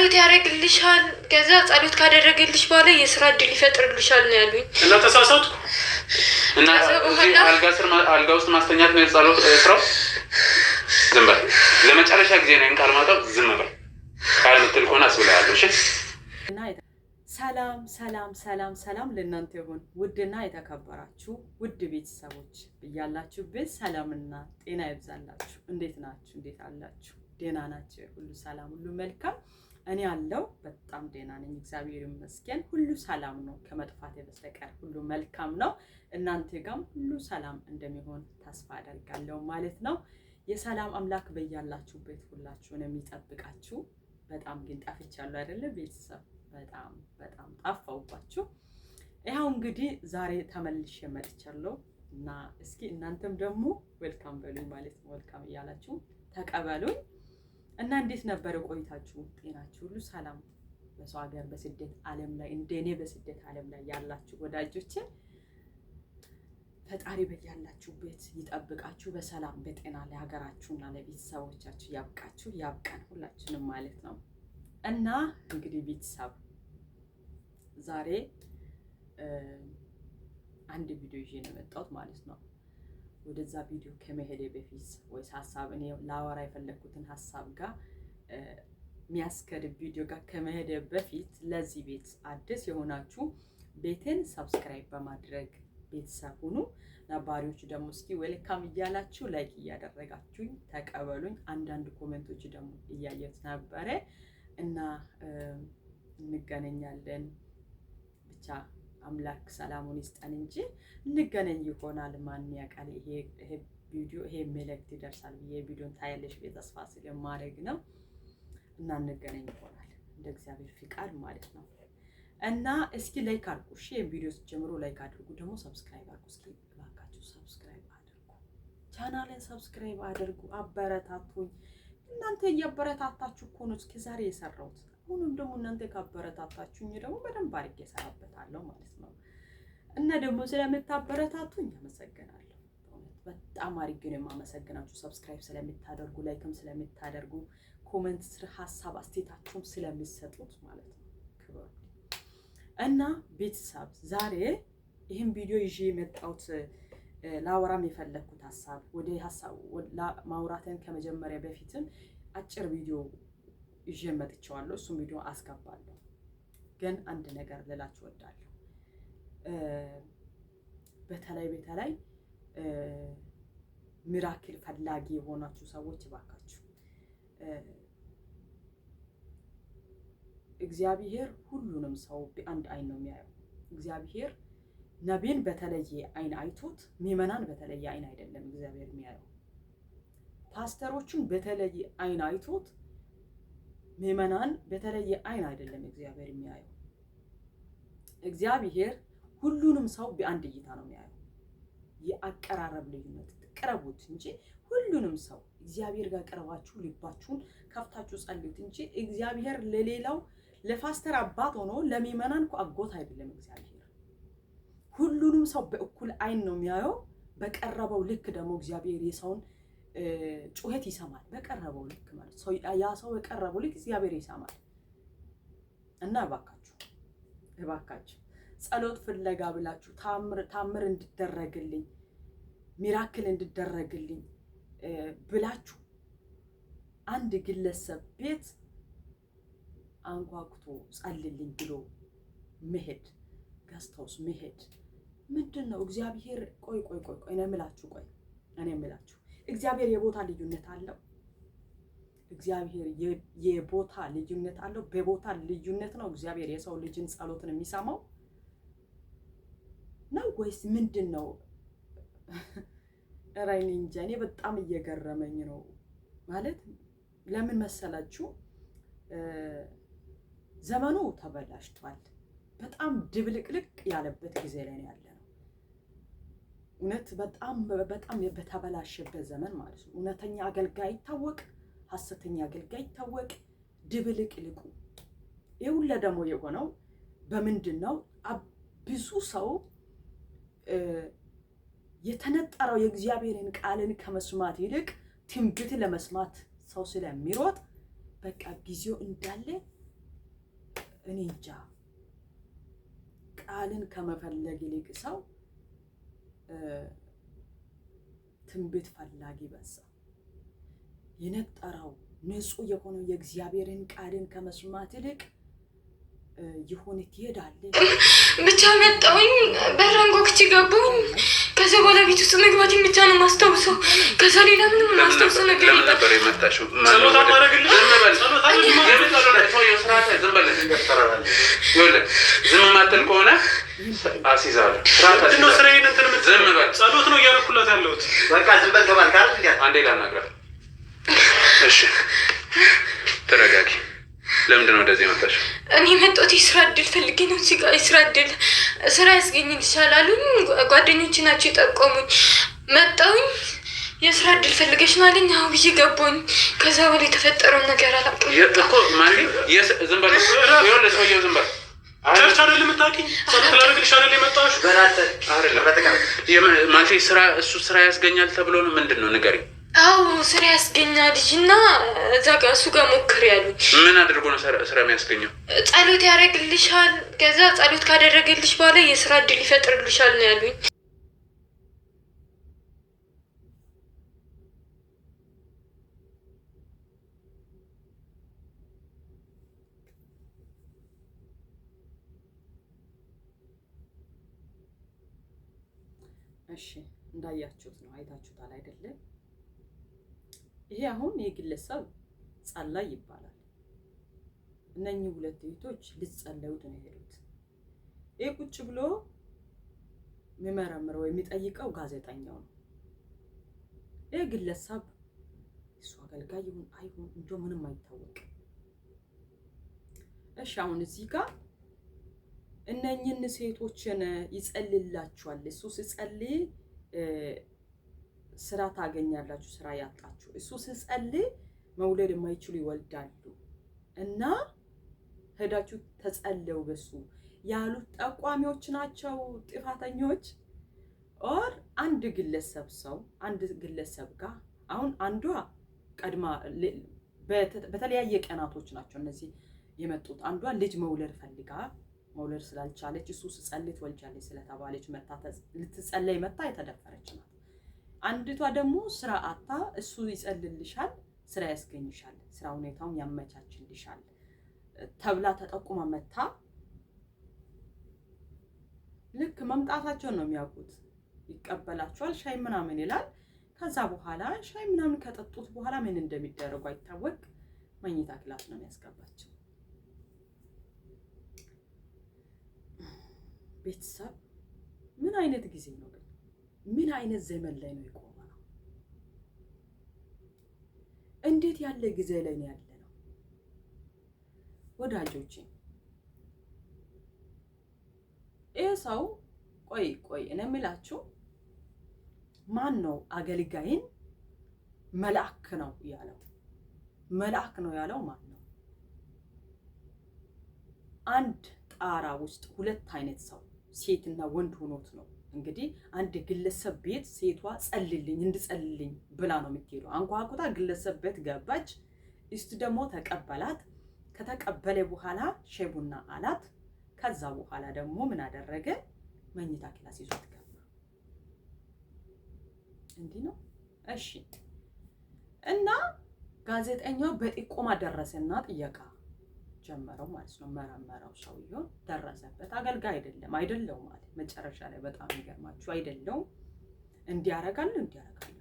ጸሎት ያደርግልሻል። ከዛ ጸሎት ካደረገልሽ በኋላ የስራ እድል ይፈጥርልሻል ነው ያሉኝ። እና ተሳሳትኩ እና አልጋ ውስጥ ማስተኛት ነው የጸሎት ስራው። ዝም በል ለመጨረሻ ጊዜ ነው ቃል ማጣው። ዝም በል ካልምትል ከሆነ አስብላለሁ። እሺ። ሰላም ሰላም ሰላም ሰላም ለእናንተ ይሁን ውድና የተከበራችሁ ውድ ቤተሰቦች ብያላችሁበት፣ ሰላምና ጤና ይብዛላችሁ። እንዴት ናችሁ? እንዴት አላችሁ? ደህና ናቸው። ሁሉ ሰላም፣ ሁሉ መልካም እኔ ያለው በጣም ደህና ነኝ፣ እግዚአብሔር ይመስገን። ሁሉ ሰላም ነው፣ ከመጥፋት በስተቀር ሁሉ መልካም ነው። እናንተ ጋም ሁሉ ሰላም እንደሚሆን ተስፋ አደርጋለሁ ማለት ነው። የሰላም አምላክ በያላችሁበት ሁላችሁን የሚጠብቃችሁ። በጣም ግን ጠፍቻለሁ አይደለ? ቤተሰብ በጣም በጣም ጠፋውባችሁ። ይኸው እንግዲህ ዛሬ ተመልሼ መጥቻለሁ እና እስኪ እናንተም ደግሞ ወልካም በሉኝ ማለት ነው። ወልካም እያላችሁ ተቀበሉኝ። እና እንዴት ነበረ ቆይታችሁ? ጤናችሁ ሁሉ ሰላም? በሰው ሀገር በስደት ዓለም ላይ እንደኔ በስደት ዓለም ላይ ያላችሁ ወዳጆቼ ፈጣሪ በያላችሁበት ይጠብቃችሁ፣ በሰላም በጤና እና ለቤተሰቦቻችሁ ያብቃችሁ፣ ያብቃን ሁላችንም ማለት ነው። እና እንግዲህ ቤተሰብ ዛሬ አንድ ቪዲዮ ይዤ ነው የመጣሁት ማለት ነው። ወደዛ ቪዲዮ ከመሄድ በፊት ወይስ ሀሳብ እኔ ላወራ የፈለግኩትን ሀሳብ ጋር የሚያስከድ ቪዲዮ ጋር ከመሄድ በፊት ለዚህ ቤት አዲስ የሆናችሁ ቤትን ሰብስክራይብ በማድረግ ቤተሰብ ሁኑ። ነባሪዎች ደግሞ እስኪ ዌልካም እያላችሁ ላይክ እያደረጋችሁኝ ተቀበሉኝ። አንዳንድ ኮሜንቶች ደግሞ እያየት ነበረ እና እንገናኛለን ብቻ አምላክ ሰላሙን ይስጠን እንጂ እንገናኝ ይሆናል። ማን ያውቃል? ይሄ ቪዲዮ ይሄ መልእክት ይደርሳል ብዬ ቪዲዮን ታያለሽ ተስፋ ስለማድረግ ነው። እና እንገናኝ ይሆናል እንደ እግዚአብሔር ፍቃድ ማለት ነው። እና እስኪ ላይክ አድርጉ፣ እሺ ቪዲዮ ስትጀምሩ ላይክ አድርጉ፣ ደግሞ ሰብስክራይብ አድርጉ። እስኪ ባካችሁ ሰብስክራይብ አድርጉ፣ ቻናልን ሰብስክራይብ አድርጉ፣ አበረታቱኝ። እናንተ እያበረታታችሁ እኮ ነው እስኪ ዛሬ የሰራሁት አሁንም ደግሞ እናንተ ካበረታታችሁኝ ደግሞ በደንብ አድርጌ እሰራበታለሁ ማለት ነው። እና ደግሞ ስለምታበረታቱኝ አመሰግናለሁ። በጣም አድርጌ ነው የማመሰግናችሁ። ሰብስክራይብ ስለምታደርጉ፣ ላይክም ስለምታደርጉ፣ ኮመንት ስር ሀሳብ አስተያየታችሁም ስለምትሰጡት ማለት ነው። ክብር እና ቤተሰብ ዛሬ ይህን ቪዲዮ ይዤ የመጣሁት ላወራም የፈለግኩት ሀሳብ ወደ ሀሳብ ማውራትን ከመጀመሪያ በፊትም አጭር ቪዲዮ ይዤ መጥቼዋለሁ። እሱም ቪዲዮ አስገባለሁ። ግን አንድ ነገር ልላችሁ እወዳለሁ። በተለይ በተለይ ሚራክል ፈላጊ የሆናችሁ ሰዎች እባካችሁ እግዚአብሔር ሁሉንም ሰው በአንድ አይን ነው የሚያየው። እግዚአብሔር ነቢን በተለየ አይን አይቶት ሚመናን በተለየ አይን አይደለም እግዚአብሔር የሚያየው። ፓስተሮቹን በተለየ አይን አይቶት ምዕመናን በተለየ አይን አይደለም እግዚአብሔር የሚያየው። እግዚአብሔር ሁሉንም ሰው በአንድ እይታ ነው የሚያየው። የአቀራረብ ልዩነት ቅረቡት እንጂ ሁሉንም ሰው እግዚአብሔር ጋር ቀርባችሁ ልባችሁን ከፍታችሁ ጸልዩት እንጂ እግዚአብሔር ለሌላው ለፓስተር አባት ሆኖ ለምዕመናን እኮ አጎት አይደለም። እግዚአብሔር ሁሉንም ሰው በእኩል አይን ነው የሚያየው። በቀረበው ልክ ደግሞ እግዚአብሔር የሰውን ጩኸት ይሰማል። በቀረበው ልክ ማለት ያ ሰው በቀረበው ልክ እግዚአብሔር ይሰማል። እና እባካችሁ እባካችሁ ጸሎት ፍለጋ ብላችሁ ታምር እንድደረግልኝ ሚራክል እንድደረግልኝ ብላችሁ አንድ ግለሰብ ቤት አንኳኩቶ ጸልልኝ ብሎ መሄድ ገዝታውስ መሄድ ምንድን ነው? እግዚአብሔር ቆይ ቆይ ቆይ ቆይ እኔ ቆይ እኔ ምላችሁ እግዚአብሔር የቦታ ልዩነት አለው። እግዚአብሔር የቦታ ልዩነት አለው። በቦታ ልዩነት ነው እግዚአብሔር የሰው ልጅን ጸሎትን የሚሰማው ነው ወይስ ምንድን ነው? ራይን እንጃ። እኔ በጣም እየገረመኝ ነው ማለት ለምን መሰላችሁ? ዘመኑ ተበላሽቷል። በጣም ድብልቅልቅ ያለበት ጊዜ ላይ ነው ያለ እውነት በጣም በጣም በተበላሸበት ዘመን ማለት ነው። እውነተኛ አገልጋይ ይታወቅ፣ ሐሰተኛ አገልጋይ ይታወቅ፣ ድብልቅልቁ። ይህ ሁሉ ደግሞ የሆነው በምንድን ነው? ብዙ ሰው የተነጠረው የእግዚአብሔርን ቃልን ከመስማት ይልቅ ትንቢት ለመስማት ሰው ስለሚሮጥ በቃ ጊዜው እንዳለ እኔ እንጃ ቃልን ከመፈለግ ይልቅ ሰው ትንቢት ፈላጊ በዛ። የነጠረው ንጹሕ የሆነው የእግዚአብሔርን ቃልን ከመስማት ይልቅ ይሁን ትሄዳለህ። ብቻ መጣሁኝ፣ በረንጎክች ገባሁኝ። ከዛ በኋላ ቤት ውስጥ መግባቴን ብቻ ነው ማስታውሰው። ከዛ ሌላ ምንም ማስታውሰው ነገር ነበር የመጣሽው ዝም ማትል ከሆነ አስይዛለሁ። ዝም በል ጸሎት ነው እያልኩላት ያለሁት። በቃ ዝም በል ተባልክ አንዴ ላናግራት። እሺ ተረጋጊ። ለምንድን ነው እንደዚህ መጣሽ? እኔ መጣሁት የስራ እድል ፈልጌ ነው። እዚህ ጋር የስራ እድል ስራ ያስገኝልሻል ይሻላሉኝ። ጓደኞች ናቸው የጠቆሙኝ። መጣሁኝ የስራ እድል ፈልገሽ ነው አለኝ። አዎ ብዬ ገባሁኝ። ከዛ በኋላ የተፈጠረውን ነገር አላውቅም እኮ ማለት ዝም በል ሰውዬው ዝም በል ቸርች ስራ እሱ ስራ ያስገኛል ተብሎ ነው። ምንድን ነው ንገሪኝ። አዎ ስራ ያስገኛል ልጅ እና እዛ ጋር እሱ ጋር ሞክር ያሉኝ። ምን አድርጎ ነው ስራ የሚያስገኘው? ጸሎት ያደርግልሻል። ከዛ ጸሎት ካደረገልሽ በኋላ የስራ እድል ይፈጥርልሻል ነው ያሉኝ። እሺ እንዳያችሁት ነው፣ አይታችሁታል አይደለም? ይሄ አሁን የግለሰብ ጸላይ ይባላል። እነኚህ ሁለት እህቶች ሊጸለዩት ነው የሄዱት። ይሄ ቁጭ ብሎ የሚመረምረው የሚጠይቀው ጋዜጠኛው ነው። ይህ ግለሰብ እሱ አገልጋይ ይሁን አይሁን እንዶ ምንም አይታወቅም። እሺ አሁን እዚህ ጋር እነኝን ሴቶችን ይጸልላችኋል። እሱ ሲጸልይ ስራ ታገኛላችሁ፣ ስራ ያጣችሁ። እሱ ሲጸልይ መውለድ የማይችሉ ይወልዳሉ። እና ሄዳችሁ ተጸለው በሱ ያሉት ጠቋሚዎች ናቸው ጥፋተኞች ኦር አንድ ግለሰብ ሰው አንድ ግለሰብ ጋር አሁን አንዷ ቀድማ በተለያየ ቀናቶች ናቸው እነዚህ የመጡት። አንዷ ልጅ መውለድ ፈልጋ መውለድ ስላልቻለች እሱ ስጸልይ ትወልጃለች ስለተባለች መታ ልትጸለይ መታ የተደፈረች ናት። አንዲቷ ደግሞ ስራ አታ እሱ ይጸልልሻል፣ ስራ ያስገኝሻል፣ ስራ ሁኔታውን ያመቻችልሻል ተብላ ተጠቁማ መታ። ልክ መምጣታቸውን ነው የሚያውቁት። ይቀበላቸዋል፣ ሻይ ምናምን ይላል። ከዛ በኋላ ሻይ ምናምን ከጠጡት በኋላ ምን እንደሚደረጉ አይታወቅ መኝታ ክላስ ነው የሚያስገባቸው። ቤተሰብ ምን አይነት ጊዜ ነው ግን? ምን አይነት ዘመን ላይ ነው የቆመ ነው? እንዴት ያለ ጊዜ ላይ ነው ያለ ነው? ወዳጆቼ ይህ ሰው ቆይ ቆይ፣ እኔ የምላችሁ ማን ነው አገልጋይን መልአክ ነው ያለው? መልአክ ነው ያለው ማን ነው? አንድ ጣራ ውስጥ ሁለት አይነት ሰው ሴትና ወንድ ሆኖት ነው እንግዲህ አንድ ግለሰብ ቤት ሴቷ ጸልልኝ እንድጸልልኝ ብላ ነው የምትሄደው። አንኳኩታ ግለሰብ ቤት ገባች። እስቲ ደግሞ ተቀበላት። ከተቀበለ በኋላ ሻይ ቡና አላት። ከዛ በኋላ ደግሞ ምን አደረገ? መኝታ ክላስ ይዞት ገባ። እንዲህ ነው እሺ። እና ጋዜጠኛው በጥቆማ ደረሰና ጥየቃ ጀመረው ማለት ነው። መረመረው፣ ሰውየው ደረሰበት። አገልጋይ አይደለም አይደለው ማለት መጨረሻ ላይ በጣም ይገርማችሁ አይደለው እንዲያረጋል እንዲያረጋል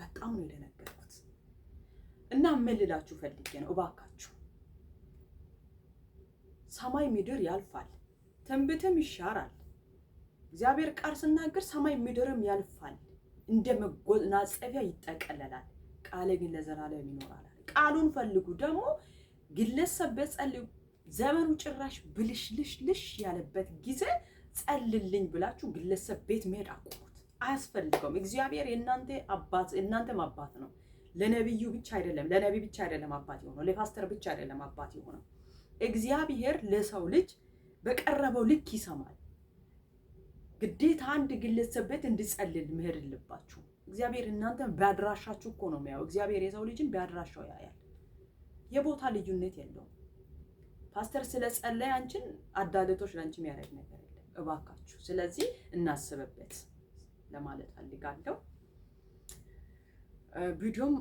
በጣም ነው የደነገጥኩት። እና ምን ፈልጌ ነው፣ እባካችሁ ሰማይ ምድር ያልፋል፣ ትንቢትም ይሻራል። እግዚአብሔር ቃል ስናገር ሰማይ ምድርም ያልፋል፣ እንደ መጎናጸፊያ ይጠቀለላል። ቃሌ ግን ለዘላለም ይኖራል። ቃሉን ፈልጉ ደግሞ ግለሰብ በጸልዩ ዘመኑ ጭራሽ ብልሽልሽልሽ ያለበት ጊዜ ጸልልኝ ብላችሁ ግለሰብ ቤት መሄድ አቁሙት። አያስፈልገውም። እግዚአብሔር የእናንተ አባት እናንተም አባት ነው። ለነቢዩ ብቻ አይደለም፣ ለነቢ ብቻ አይደለም አባት የሆነው፣ ለፓስተር ብቻ አይደለም አባት የሆነው። እግዚአብሔር ለሰው ልጅ በቀረበው ልክ ይሰማል። ግዴታ አንድ ግለሰብ ቤት እንድጸልል መሄድ የለባችሁ። እግዚአብሔር እናንተም በአድራሻችሁ እኮ ነው የሚያየው። እግዚአብሔር የሰው ልጅን በአድራሻው ያያል። የቦታ ልዩነት የለውም። ፓስተር ስለጸለይ አንቺን አዳልቶች ለአንቺ የሚያደርግ ነገር የለም። እባካችሁ ስለዚህ እናስብበት ለማለት ፈልጋለሁ። ቪዲዮም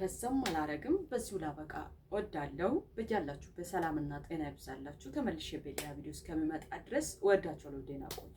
ረዘም አላረግም፣ በዚሁ ላበቃ ወዳለው። በያላችሁ በሰላምና ጤና ይብዛላችሁ። ተመልሼ በሌላ ቪዲዮ እስከሚመጣ ድረስ ወዳቸው ለውዴና ቆዩ።